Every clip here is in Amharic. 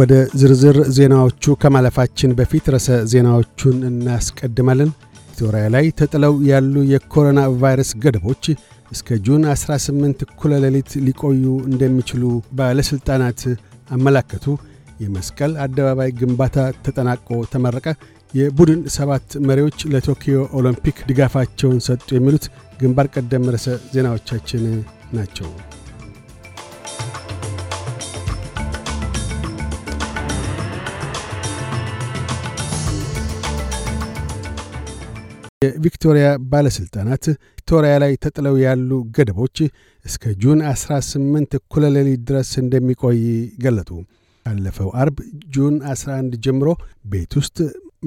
ወደ ዝርዝር ዜናዎቹ ከማለፋችን በፊት ርዕሰ ዜናዎቹን እናስቀድማለን። ኢትዮጵያ ላይ ተጥለው ያሉ የኮሮና ቫይረስ ገደቦች እስከ ጁን 18 እኩለ ሌሊት ሊቆዩ እንደሚችሉ ባለሥልጣናት አመላከቱ። የመስቀል አደባባይ ግንባታ ተጠናቆ ተመረቀ። የቡድን ሰባት መሪዎች ለቶኪዮ ኦሎምፒክ ድጋፋቸውን ሰጡ። የሚሉት ግንባር ቀደም ርዕሰ ዜናዎቻችን ናቸው። የቪክቶሪያ ባለሥልጣናት ቪክቶሪያ ላይ ተጥለው ያሉ ገደቦች እስከ ጁን 18 እኩለ ሌሊት ድረስ እንደሚቆይ ገለጡ። ካለፈው አርብ ጁን 11 ጀምሮ ቤት ውስጥ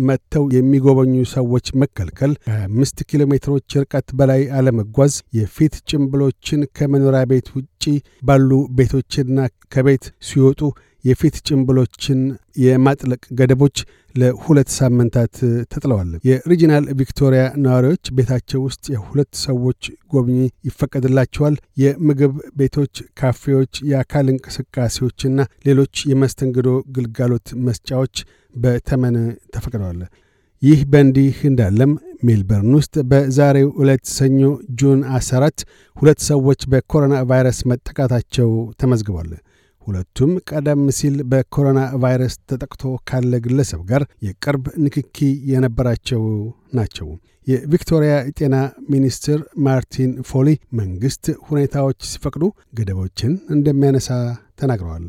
መጥተው የሚጎበኙ ሰዎች መከልከል፣ ከአምስት ኪሎ ሜትሮች ርቀት በላይ አለመጓዝ፣ የፊት ጭምብሎችን ከመኖሪያ ቤት ውጪ ባሉ ቤቶችና ከቤት ሲወጡ የፊት ጭንብሎችን የማጥለቅ ገደቦች ለሁለት ሳምንታት ተጥለዋል። የሪጂናል ቪክቶሪያ ነዋሪዎች ቤታቸው ውስጥ የሁለት ሰዎች ጎብኚ ይፈቀድላቸዋል። የምግብ ቤቶች፣ ካፌዎች፣ የአካል እንቅስቃሴዎችና ሌሎች የመስተንግዶ ግልጋሎት መስጫዎች በተመን ተፈቅደዋል። ይህ በእንዲህ እንዳለም ሜልበርን ውስጥ በዛሬው ዕለት ሰኞ ጁን 14 ሁለት ሰዎች በኮሮና ቫይረስ መጠቃታቸው ተመዝግቧል። ሁለቱም ቀደም ሲል በኮሮና ቫይረስ ተጠቅቶ ካለ ግለሰብ ጋር የቅርብ ንክኪ የነበራቸው ናቸው። የቪክቶሪያ ጤና ሚኒስትር ማርቲን ፎሊ መንግሥት ሁኔታዎች ሲፈቅዱ ገደቦችን እንደሚያነሳ ተናግረዋል።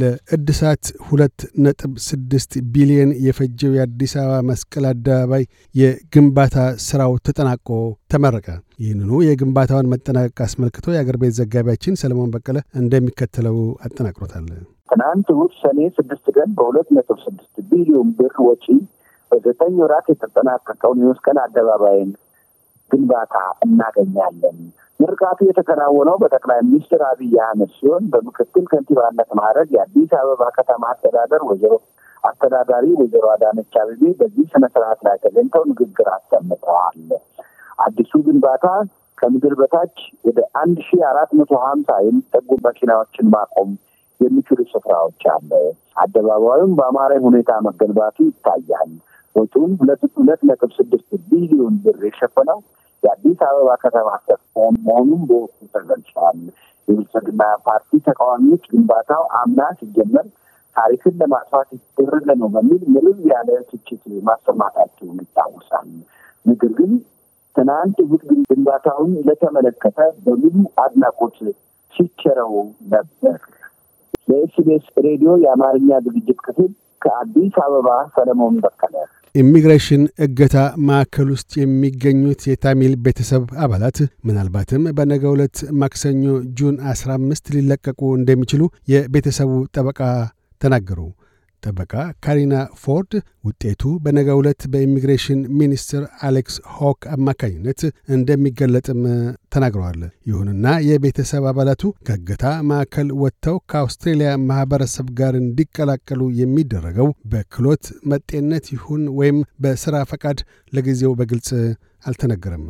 ለእድሳት 2.6 ቢሊዮን የፈጀው የአዲስ አበባ መስቀል አደባባይ የግንባታ ሥራው ተጠናቆ ተመረቀ። ይህንኑ የግንባታውን መጠናቀቅ አስመልክቶ የአገር ቤት ዘጋቢያችን ሰለሞን በቀለ እንደሚከተለው አጠናቅሮታል። ትናንት ውስጥ ሰኔ ስድስት ቀን በሁለት ነጥብ ስድስት ቢሊዮን ብር ወጪ በዘጠኝ ወራት የተጠናቀቀውን የመስቀል አደባባይን ግንባታ እናገኛለን። ምርቃቱ የተከናወነው በጠቅላይ ሚኒስትር አብይ አህመድ ሲሆን በምክትል ከንቲባነት ማዕረግ የአዲስ አበባ ከተማ አስተዳደር ወይዘሮ አስተዳዳሪ ወይዘሮ አዳነች አቤቤ በዚህ ስነ ስርዓት ላይ ተገኝተው ንግግር አሰምተዋል። አዲሱ ግንባታ ከምድር በታች ወደ አንድ ሺ አራት መቶ ሀምሳ የሚጠጉ መኪናዎችን ማቆም የሚችሉ ስፍራዎች አለ። አደባባዩም በአማራዊ ሁኔታ መገንባቱ ይታያል። ወጪውን ሁለት ነጥብ ስድስት ቢሊዮን ብር የሸፈነው የአዲስ አበባ ከተማ አስተዳደር መሆኑን በወቅቱ ተገልጿል። የብልጽግና ፓርቲ ተቃዋሚዎች ግንባታው አምና ሲጀመር ታሪክን ለማጥፋት የተደረገ ነው በሚል ምንም ያለ ትችት ማሰማታቸውን ይታወሳል። ነገር ግን ትናንት እሑድ ግንባታውን ለተመለከተ በሙሉ አድናቆት ሲቸረው ነበር። ለኤስቢኤስ ሬዲዮ የአማርኛ ዝግጅት ክፍል ከአዲስ አበባ ሰለሞን በቀለ ኢሚግሬሽን እገታ ማዕከል ውስጥ የሚገኙት የታሚል ቤተሰብ አባላት ምናልባትም በነገ ዕለት ማክሰኞ ጁን 15 ሊለቀቁ እንደሚችሉ የቤተሰቡ ጠበቃ ተናገሩ። ጠበቃ ካሪና ፎርድ ውጤቱ በነገ ዕለት በኢሚግሬሽን ሚኒስትር አሌክስ ሆክ አማካኝነት እንደሚገለጥም ተናግረዋል። ይሁንና የቤተሰብ አባላቱ ከእገታ ማዕከል ወጥተው ከአውስትሬልያ ማኅበረሰብ ጋር እንዲቀላቀሉ የሚደረገው በክሎት መጤነት ይሁን ወይም በሥራ ፈቃድ ለጊዜው በግልጽ አልተነገረም።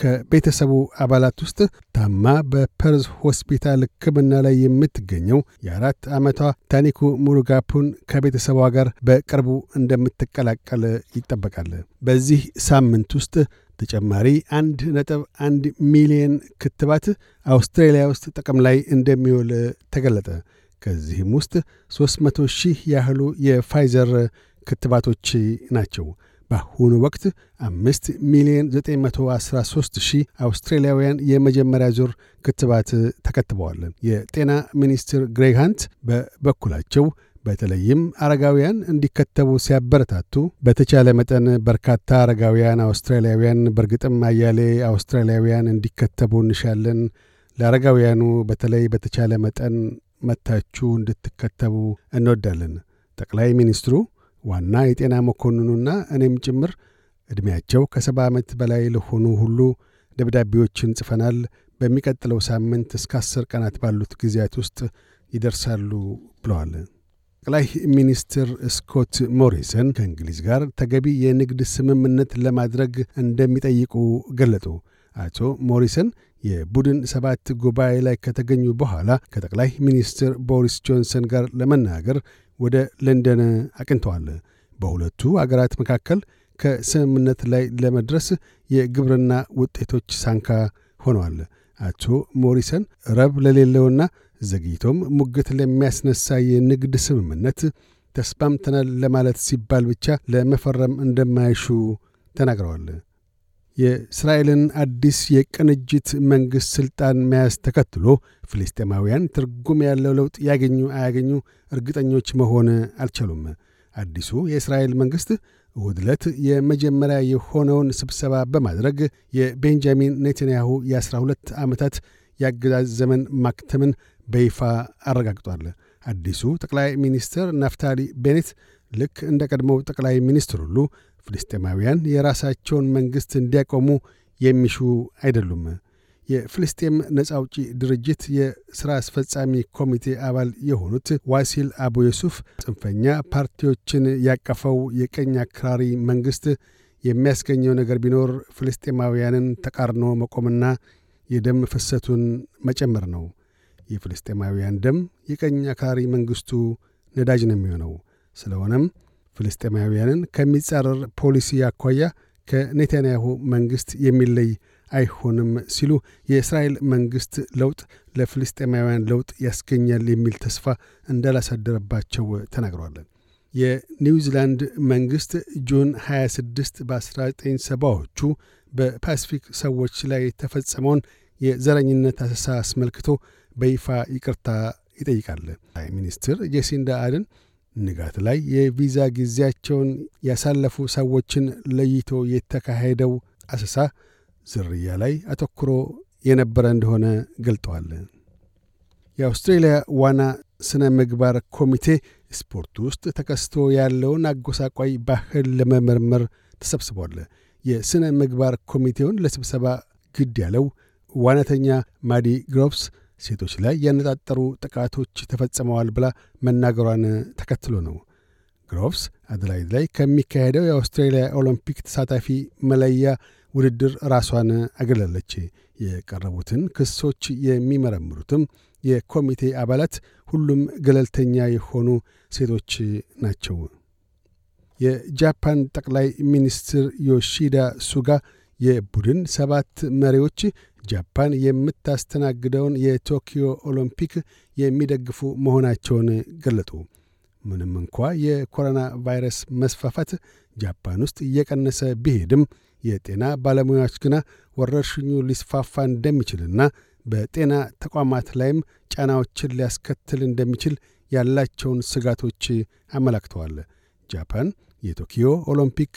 ከቤተሰቡ አባላት ውስጥ ታማ በፐርዝ ሆስፒታል ሕክምና ላይ የምትገኘው የአራት ዓመቷ ታኒኩ ሙሩጋፑን ከቤተሰቧ ጋር በቅርቡ እንደምትቀላቀል ይጠበቃል። በዚህ ሳምንት ውስጥ ተጨማሪ አንድ ነጥብ አንድ ሚሊየን ክትባት አውስትራሊያ ውስጥ ጥቅም ላይ እንደሚውል ተገለጠ። ከዚህም ውስጥ 300 ሺህ ያህሉ የፋይዘር ክትባቶች ናቸው። በአሁኑ ወቅት አምስት ሚሊዮን 913 ሺህ አውስትራሊያውያን የመጀመሪያ ዙር ክትባት ተከትበዋል። የጤና ሚኒስትር ግሬግ ሃንት በበኩላቸው በተለይም አረጋውያን እንዲከተቡ ሲያበረታቱ በተቻለ መጠን በርካታ አረጋውያን አውስትራሊያውያን በእርግጥም አያሌ አውስትራሊያውያን እንዲከተቡ እንሻለን። ለአረጋውያኑ በተለይ በተቻለ መጠን መታችሁ እንድትከተቡ እንወዳለን። ጠቅላይ ሚኒስትሩ ዋና የጤና መኮንኑና እኔም ጭምር ዕድሜያቸው ከሰባ ዓመት በላይ ለሆኑ ሁሉ ደብዳቤዎችን ጽፈናል። በሚቀጥለው ሳምንት እስከ አስር ቀናት ባሉት ጊዜያት ውስጥ ይደርሳሉ ብለዋል። ጠቅላይ ሚኒስትር ስኮት ሞሪሰን ከእንግሊዝ ጋር ተገቢ የንግድ ስምምነት ለማድረግ እንደሚጠይቁ ገለጡ። አቶ ሞሪሰን የቡድን ሰባት ጉባኤ ላይ ከተገኙ በኋላ ከጠቅላይ ሚኒስትር ቦሪስ ጆንሰን ጋር ለመናገር ወደ ለንደን አቅንተዋል። በሁለቱ አገራት መካከል ከስምምነት ላይ ለመድረስ የግብርና ውጤቶች ሳንካ ሆነዋል። አቶ ሞሪሰን ረብ ለሌለውና ዘግይቶም ሙግት ለሚያስነሳ የንግድ ስምምነት ተስማምተናል ለማለት ሲባል ብቻ ለመፈረም እንደማይሹ ተናግረዋል። የእስራኤልን አዲስ የቅንጅት መንግሥት ሥልጣን መያዝ ተከትሎ ፍልስጤማውያን ትርጉም ያለው ለውጥ ያገኙ አያገኙ እርግጠኞች መሆን አልቻሉም። አዲሱ የእስራኤል መንግሥት እሁድ ዕለት የመጀመሪያ የሆነውን ስብሰባ በማድረግ የቤንጃሚን ኔተንያሁ የ12 ዓመታት የአገዛዝ ዘመን ማክተምን በይፋ አረጋግጧል። አዲሱ ጠቅላይ ሚኒስትር ናፍታሊ ቤኔት ልክ እንደ ቀድሞው ጠቅላይ ሚኒስትር ሁሉ ፍልስጤማውያን የራሳቸውን መንግሥት እንዲያቆሙ የሚሹ አይደሉም። የፍልስጤም ነጻ አውጪ ድርጅት የሥራ አስፈጻሚ ኮሚቴ አባል የሆኑት ዋሲል አቡ ዩሱፍ ጽንፈኛ ፓርቲዎችን ያቀፈው የቀኝ አክራሪ መንግሥት የሚያስገኘው ነገር ቢኖር ፍልስጤማውያንን ተቃርኖ መቆምና የደም ፍሰቱን መጨመር ነው። የፍልስጤማውያን ደም የቀኝ አክራሪ መንግሥቱ ነዳጅ ነው የሚሆነው። ስለሆነም ፍልስጤማውያንን ከሚጻረር ፖሊሲ አኳያ ከኔታንያሁ መንግሥት የሚለይ አይሆንም ሲሉ የእስራኤል መንግሥት ለውጥ ለፍልስጤማውያን ለውጥ ያስገኛል የሚል ተስፋ እንዳላሳደረባቸው ተናግሯለን። የኒውዚላንድ መንግሥት ጁን 26 በ1970ዎቹ በፓስፊክ ሰዎች ላይ የተፈጸመውን የዘረኝነት አሰሳ አስመልክቶ በይፋ ይቅርታ ይጠይቃል። ሚኒስትር ጄሲንዳ አድን ንጋት ላይ የቪዛ ጊዜያቸውን ያሳለፉ ሰዎችን ለይቶ የተካሄደው አሰሳ ዝርያ ላይ አተኩሮ የነበረ እንደሆነ ገልጠዋል። የአውስትሬልያ ዋና ስነ ምግባር ኮሚቴ ስፖርት ውስጥ ተከስቶ ያለውን አጎሳቋይ ባህል ለመመርመር ተሰብስቧል። የሥነ ምግባር ኮሚቴውን ለስብሰባ ግድ ያለው ዋናተኛ ማዲ ግሮቭስ ሴቶች ላይ ያነጣጠሩ ጥቃቶች ተፈጽመዋል ብላ መናገሯን ተከትሎ ነው። ግሮቭስ አደላይድ ላይ ከሚካሄደው የአውስትሬልያ ኦሎምፒክ ተሳታፊ መለያ ውድድር ራሷን አገለለች። የቀረቡትን ክሶች የሚመረምሩትም የኮሚቴ አባላት ሁሉም ገለልተኛ የሆኑ ሴቶች ናቸው። የጃፓን ጠቅላይ ሚኒስትር ዮሺዳ ሱጋ የቡድን ሰባት መሪዎች ጃፓን የምታስተናግደውን የቶኪዮ ኦሎምፒክ የሚደግፉ መሆናቸውን ገለጡ። ምንም እንኳ የኮሮና ቫይረስ መስፋፋት ጃፓን ውስጥ እየቀነሰ ቢሄድም የጤና ባለሙያዎች ግና ወረርሽኙ ሊስፋፋ እንደሚችልና በጤና ተቋማት ላይም ጫናዎችን ሊያስከትል እንደሚችል ያላቸውን ስጋቶች አመላክተዋል። ጃፓን የቶኪዮ ኦሎምፒክ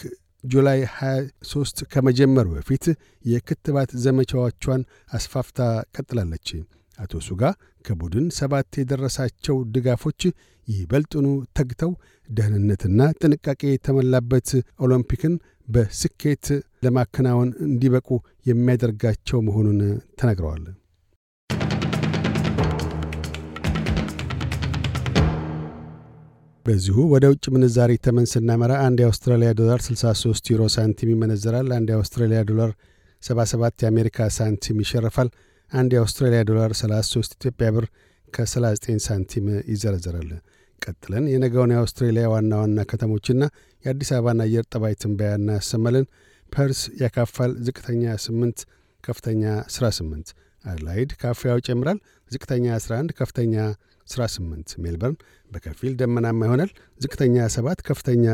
ጁላይ 23 ከመጀመሩ በፊት የክትባት ዘመቻዎቿን አስፋፍታ ቀጥላለች። አቶ ሱጋ ከቡድን ሰባት የደረሳቸው ድጋፎች ይበልጥኑ ተግተው ደህንነትና ጥንቃቄ የተሞላበት ኦሎምፒክን በስኬት ለማከናወን እንዲበቁ የሚያደርጋቸው መሆኑን ተናግረዋል። በዚሁ ወደ ውጭ ምንዛሪ ተመን ስናመራ አንድ የአውስትራሊያ ዶላር 63 ዩሮ ሳንቲም ይመነዘራል። አንድ የአውስትራሊያ ዶላር 77 የአሜሪካ ሳንቲም ይሸርፋል። አንድ የአውስትራሊያ ዶላር 33 ኢትዮጵያ ብር ከ39 ሳንቲም ይዘረዘራል። ቀጥለን የነገውን የአውስትሬሊያ ዋና ዋና ከተሞችና የአዲስ አበባን አየር ጠባይ ትንበያ እናሰማለን። ፐርስ ያካፋል። ዝቅተኛ 8፣ ከፍተኛ 18። አድላይድ ካፊያው ጨምራል፣ ዝቅተኛ 11፣ ከፍተኛ ስራ 8 ሜልበርን በከፊል ደመናማ ይሆናል። ዝቅተኛ 7 ከፍተኛ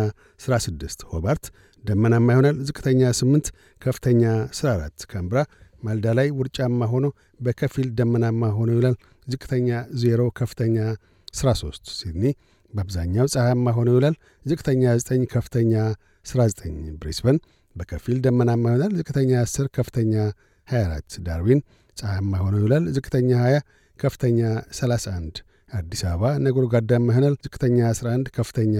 6 ሆባርት ደመናማ ይሆናል። ዝቅተኛ 8 ከፍተኛ ስራ4 ካምብራ ማልዳ ላይ ውርጫማ ሆኖ በከፊል ደመናማ ሆኖ ይውላል። ዝቅተኛ 0 ከፍተኛ 3 ሲድኒ በአብዛኛው ፀሐያማ ሆኖ ይውላል። ዝቅተኛ 9 ከፍተኛ ስ9 ብሪስበን በከፊል ደመናማ ይሆናል። ዝቅተኛ 10 ከፍተኛ 24 ዳርዊን ፀሐያማ ሆኖ ይውላል። ዝቅተኛ 20 ከፍተኛ 31 አዲስ አበባ ነጎድጓዳ መህነል ዝቅተኛ 11፣ ከፍተኛ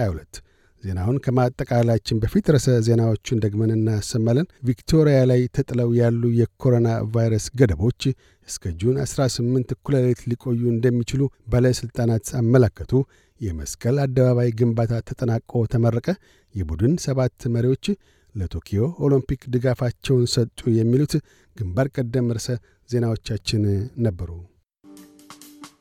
22። ዜናውን ከማጠቃላችን በፊት ርዕሰ ዜናዎቹን ደግመን እናሰማለን። ቪክቶሪያ ላይ ተጥለው ያሉ የኮሮና ቫይረስ ገደቦች እስከ ጁን 18 እኩለ ሌሊት ሊቆዩ እንደሚችሉ ባለሥልጣናት አመላከቱ። የመስቀል አደባባይ ግንባታ ተጠናቆ ተመረቀ። የቡድን ሰባት መሪዎች ለቶኪዮ ኦሎምፒክ ድጋፋቸውን ሰጡ። የሚሉት ግንባር ቀደም ርዕሰ ዜናዎቻችን ነበሩ።